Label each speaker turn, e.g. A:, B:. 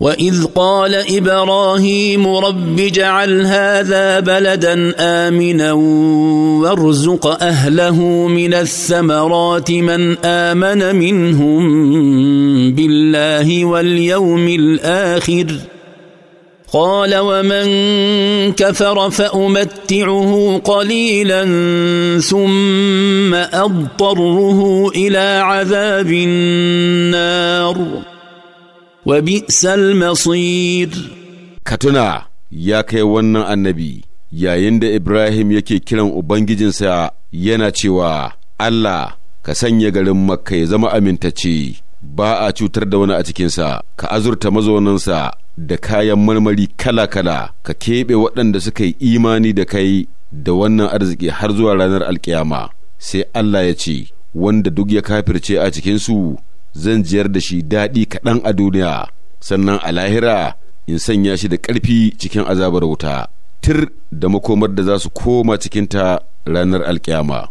A: واذ قال ابراهيم رب اجعل هذا بلدا امنا وارزق اهله من الثمرات من امن منهم بالله واليوم الاخر قال ومن كفر فامتعه قليلا ثم اضطره الى عذاب النار wa bi
B: salmasir ka tuna ya kai wannan annabi yayin da Ibrahim yake kiran ubangijinsa yana cewa Allah ka sanya garin Makka ya zama amintacce ba a cutar da wani a cikinsa ka azurta mazauninsa da kayan marmari kala-kala ka keɓe waɗanda suka yi imani da kai da wannan arziki har zuwa ranar alkiyama sai Allah ya ce wanda duk ya kafirce a cikinsu zan jiyar da shi daɗi kaɗan a duniya sannan a lahira in sanya shi da ƙarfi cikin azabar wuta tir da makomar da za su koma cikinta ranar alƙyama